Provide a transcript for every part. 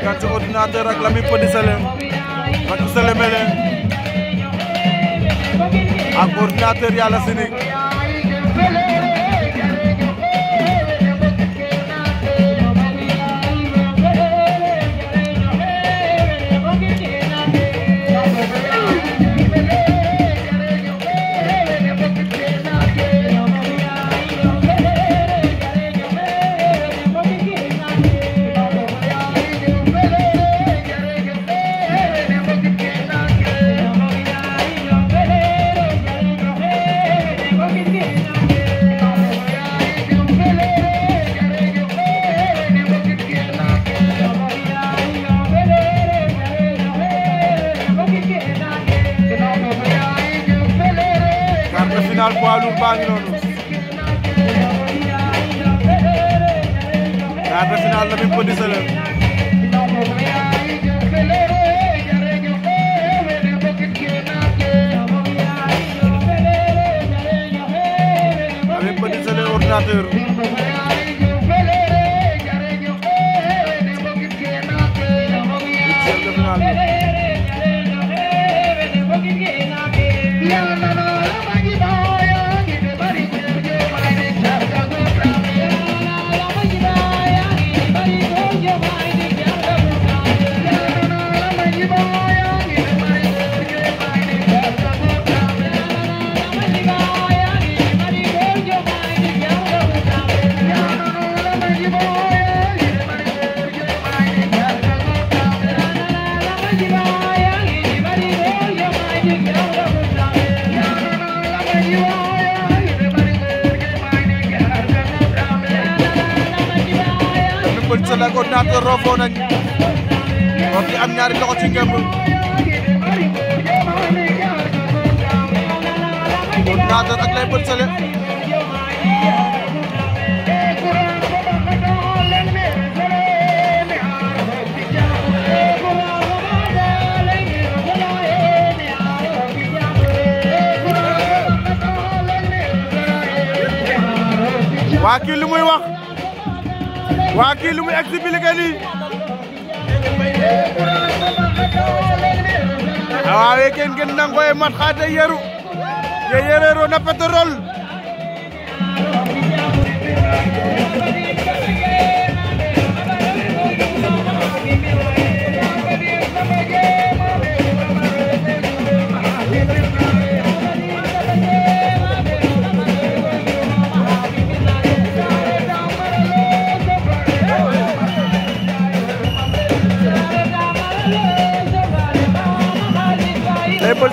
diggante ordinateur ak Lamine Petit Sélé Fatou Sélé Mélé ak ordinateur Yalla Sinig final poids lourd baa ngi noonu quart de finale Lamine Petit Sélé Lamine Petit Sélé ordinateur Petit waa kii lu muy wax waa kii lu mu expliqué nii waawe ken gen nangoye mat xa te yeru ye na pétrole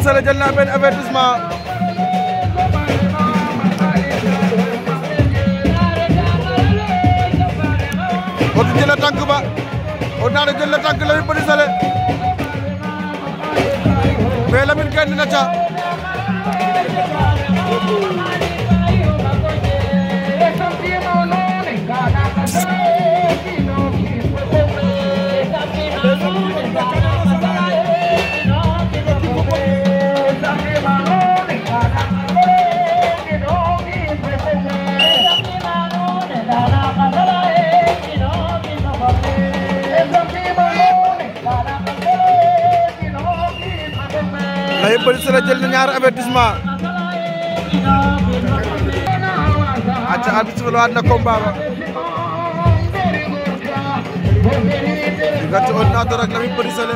Sélé jël na benn avertissement Audu jël a tànk ba Ordinateur jël na tànk Lamine Petit Sélé la Lamine génn na ca Ayib Bari Sala jël na ñaari avertissement acca arbitre bi waat na combat ba diggante Ordinateur ak Lamine Bari Sala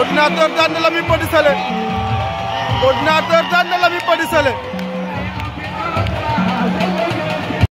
ordinateur daan na Lamine Petit Sélé ordinateur daan